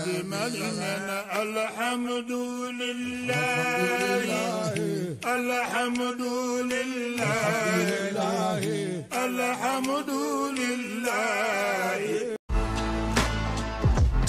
أجمعين الحمد لله الحمد لله الحمد لله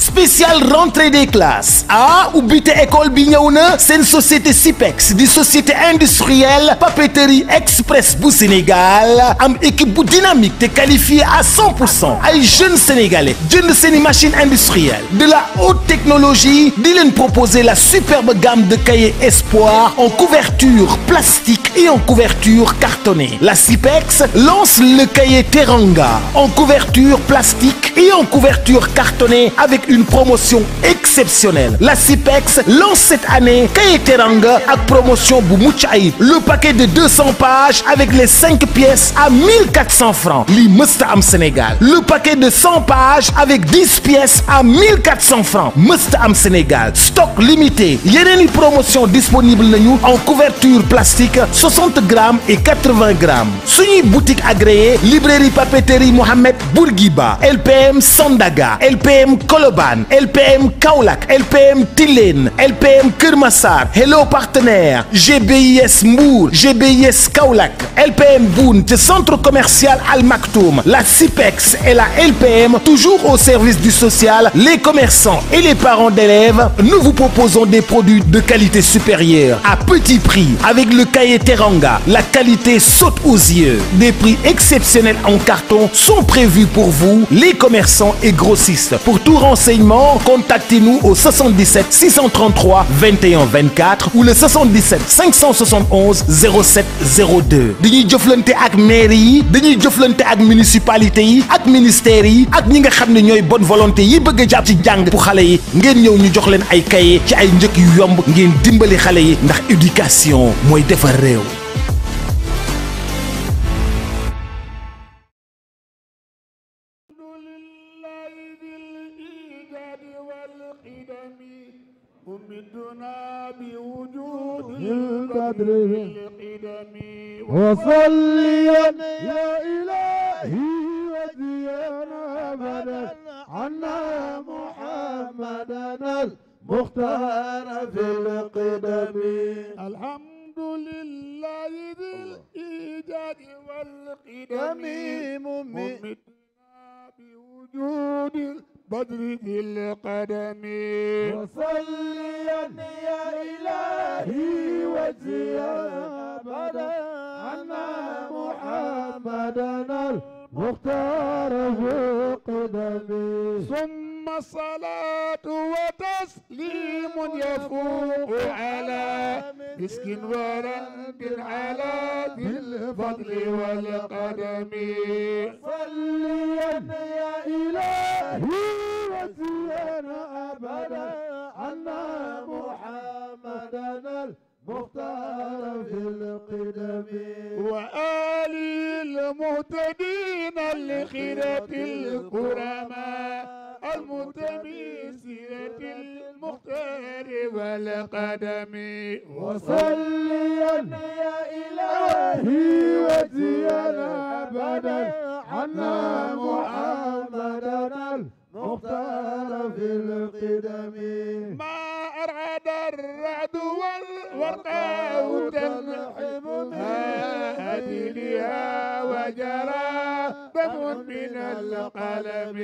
spécial rentrée des classes ah ou école bi c'est une une société CIPEX, une société industrielle papeterie express pour Sénégal une équipe dynamique te qualifiée à 100 pour Sénégalais, jeunes sénégalais ces machines machine industrielle de la haute technologie Dylan proposer la superbe gamme de cahiers Espoir en couverture plastique et en couverture cartonnée la CIPEX lance le cahier Teranga en couverture plastique et en couverture cartonnée avec une promotion exceptionnelle la CIPEX lance cette année Kayeteranga à promotion Boumouchaï. le paquet de 200 pages avec les 5 pièces à 1400 francs Li Sénégal le paquet de 100 pages avec 10 pièces à 1400 francs Mustam Sénégal stock limité une promotion disponible en couverture plastique 60 grammes et 80 grammes suñuy boutique agréée librairie papeterie Mohamed Bourguiba LPM Sandaga LPM color LPM KAULAK, LPM TILEN, LPM KURMASAR, Hello Partenaires, GBIS Mou, GBIS KAULAK, LPM Bount, centre commercial Al Maktoum la CIPEX et la LPM toujours au service du social les commerçants et les parents d'élèves nous vous proposons des produits de qualité supérieure à petit prix avec le cahier Teranga la qualité saute aux yeux des prix exceptionnels en carton sont prévus pour vous les commerçants et grossistes pour tout renseignement renseignements, contactez-nous au 77 633 21 24 ou le 77 571 07 02 dañuy jëflante ak mairie yi dañuy jëflante ak municipalité yi ak ministère, yi ak ñi nga xam bonne volonté yi bëgg a ci jang pour xalé yi ngeen ñew ñu jox leen ay cahier ci ay njëkk yu yomb ngeen dimbali xalé yi ndax éducation moy defar réew قدره وصليا يا إلهي وزينا أبدا عنا محمدا المختار في القدم الحمد لله ذي الإيجاد والقدم ممتنا بوجود البدر في القدم وصليا يا إلهي يا أبدا عنا محمدا المختار في قدمي ثم الصلاة وتسليم يفوق على مسك ورا بالعلا بالفضل والقدم صليا يا إلهي مختار في القدم وآل المهتدين لخيرة الكرماء المتميسرة المختار والقدم وصلي يا إلهي وزينا أبدا عنا محمدنا المختار في القدم ورقة وتنحبنا لها وجرى بفر من القلم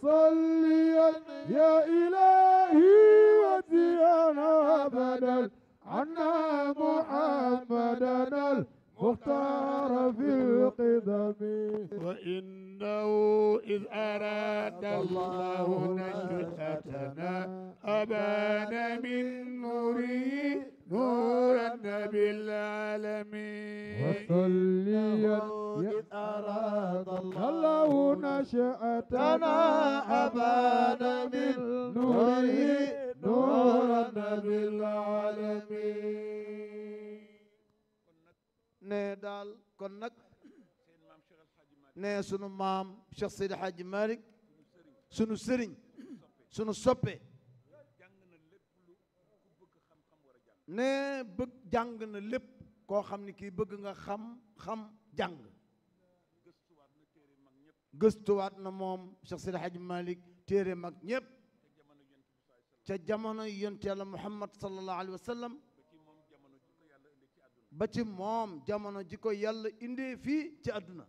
وصليا يا إلهي وديانا أبدا عنا محمدا المختار في القدم وإنه إذ أراد الله نشأتنا أبان من نوره نور النبي العالمين وصليت إذ أراد الله نشأتنا أبانا من نوره نور النبي العالمين ne كنك kon nag ne sunu maam Cheikh Seydi Hadji Malick sunu sëriñ ne bëgg jàng na lépp koo xam ni kii bëgg nga xam xam jàng gëstuwaat na moom Cheikh Sidi Hadj Malick téere mag ñëpp ca jamono yonent yàlla Muhammad sallallahu alayhi wa sallam ba ci moom jamono ji ko yàlla indee fii ci àdduna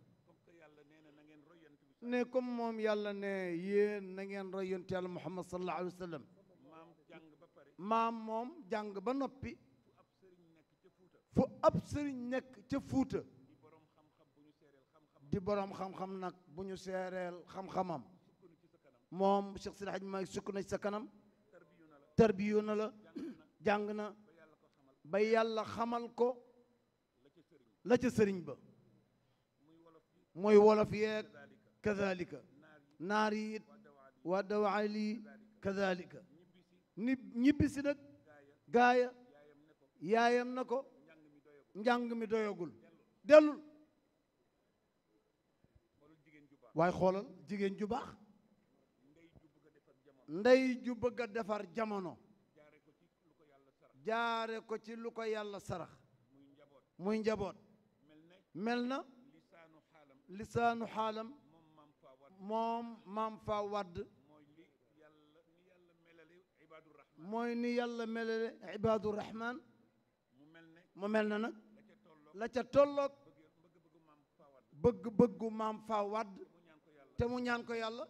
ne comme moom yàlla ne yéen na ngeen roy yonent yàlla Muhammad sallallahu alayhi wa sallam maam moom jàng ba noppi fu ab sëriñ nekk ca fuuta di boroom xam-xam nag bu ñu seereel xam-xamam moom Cheikh Sidi Hadj Malick sukk na ci sa kanam tarbiyu na la jàng na ba yàlla xamal ko la ca sëriñ ba mooy wolof yeeg kazalika naar yi it waa dawaali kazalika ni ñibbi si nag gaaya yaayam na ko njàng mi doyagul dellul waaye xoolal jigéen ju baax ndey ju bëgg a defar jamono jaare ko ci lu ko yàlla sarax muy njaboot mel na lisaanu xaalam moom maam fa wadd mooy ni yàlla melale ibaadu rahman mu mel na nag la ca tolloog bëgg-bëggu maam Fawad te mu ñaan ko yàlla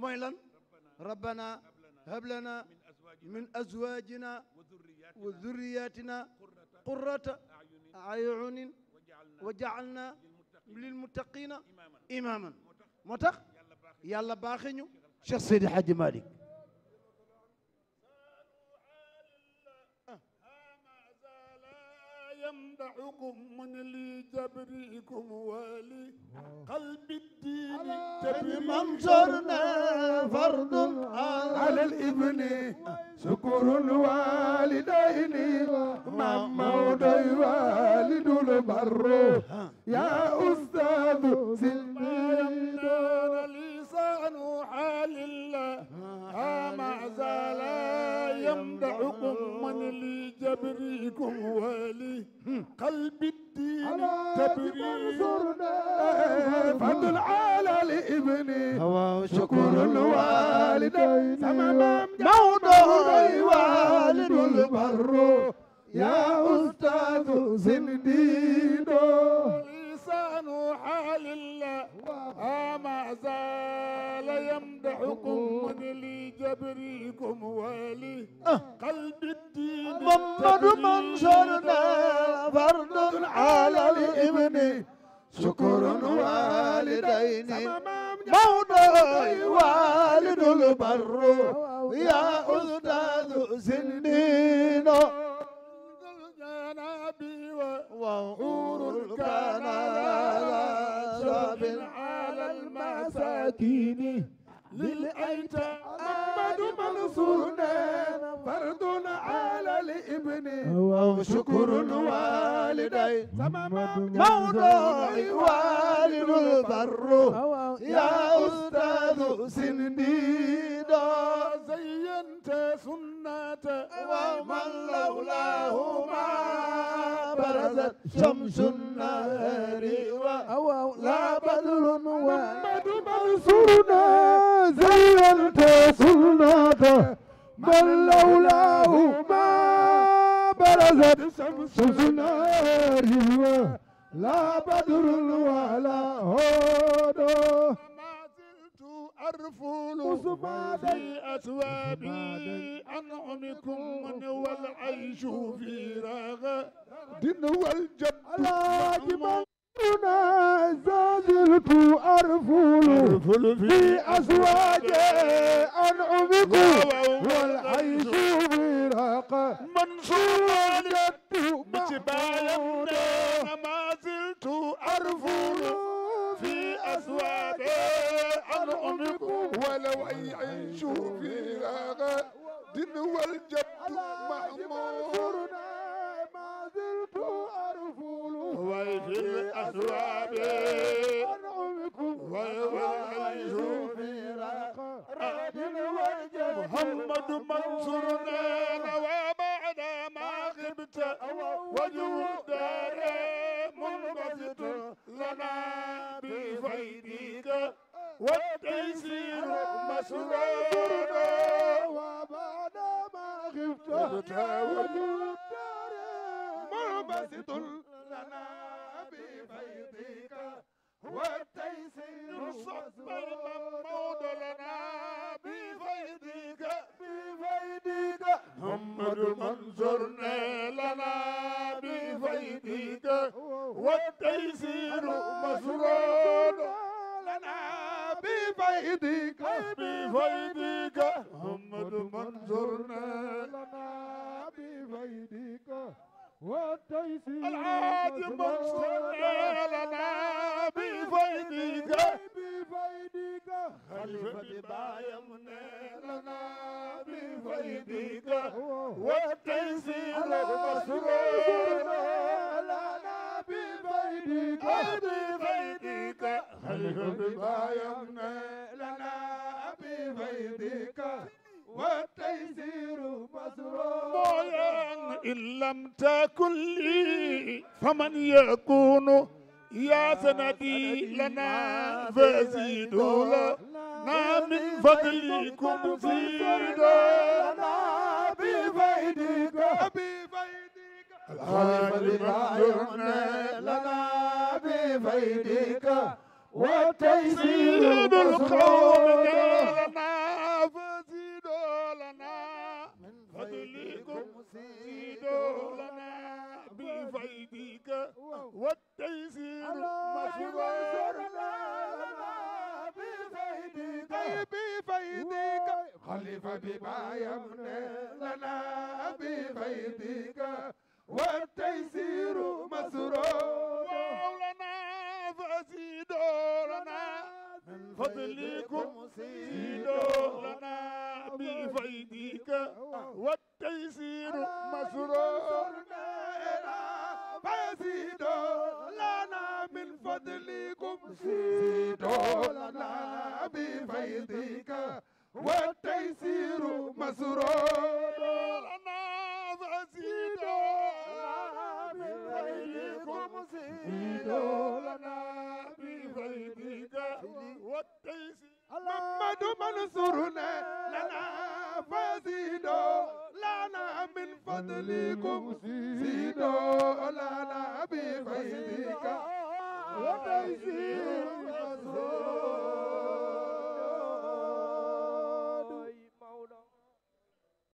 mooy lan rabbana hablana min azwajina wa zurriyatina qurrata ayunin wa jaalna lilmuttaqina imaman moo tax yàlla baaxe ñu Cheikh Seydi Hadji Malick يمنعكم من لي جبريكم والي آه. قلب الدين تبي منصرنا فرض آه. على الابن شكر الوالدين ما والد البر آه. يا استاذ سلمى حمد على لابني شكر الوالدين تمام موضوع والد البر يا أستاذ زنديد لسان حال الله ما زال يمدحكم ولي جبريكم والي أه. قلب الدين محمد منشرنا فرد على الابن شكر والدين مولى والد البر يا أستاذ سنين الجنابي وأور الكنارة على المساكين للأيتام محمد منصورنا فرد على الابن وشكر الوالدين موضوع والد البر يا استاذ سنديدا زينت سنة ومن لولاهما ما برزت شمس النهار ولا بدر محمد منصورنا زينت سلطه من لولاه ما برزت شمس ناري لا بدر ولا هدى أرفل في أثواب أنعمكم من والعيش في رغد والجب على جبالنا زادلت أرفل والفلفل في أزواجه أنعمكم والحي برهقه منصور جد بتبايمنا ما زلت أرفض في أزواجه أنعمكم ولو يعيشوا في رغد والجد محمود ما زلت أرفض وفي أزواجه والجوب راد وجه محمد منصورنا روى بعد ما غبت وجه الدار منبسط لنا بفيدك والتيسير مسرورنا وبعد ما غبت وجه الدار منبسط لنا بفيدك فاصبر محمود لنا بفيدك بفيدك محمد منصور لنا بفيدك والتيسير مسرور لنا بفيدك بفيدك محمد منصور لنا بفيدك والتيسير العاد منصور لنا بفيدك خليفة بايمنا لنا بفيدك والتيسير مسرورنا لنا بفيدك والتيسير مسرورا إن لم تكن لي فمن يكون يا سندي لنا فزيدوا لنا من فضلكم زيدوا لنا بفيدك بفيدك الحمد لنا بفيدك وتيسير القوم لنا فزيدوا لنا من فضلكم زيدوا لنا فبما يمنى لنا بفيدك والتيسير مسرور مولانا فزيدوا لنا من فضلكم زيدوا لنا بفيدك والتيسير مسرور فزيدوا لنا من فضلكم زيدوا لنا بفيدك لنا بفيدك والتيسير محمد منصورنا لنا فزيدو لنا من فضلكم زيدو لنا بفيدك والتيسير منصور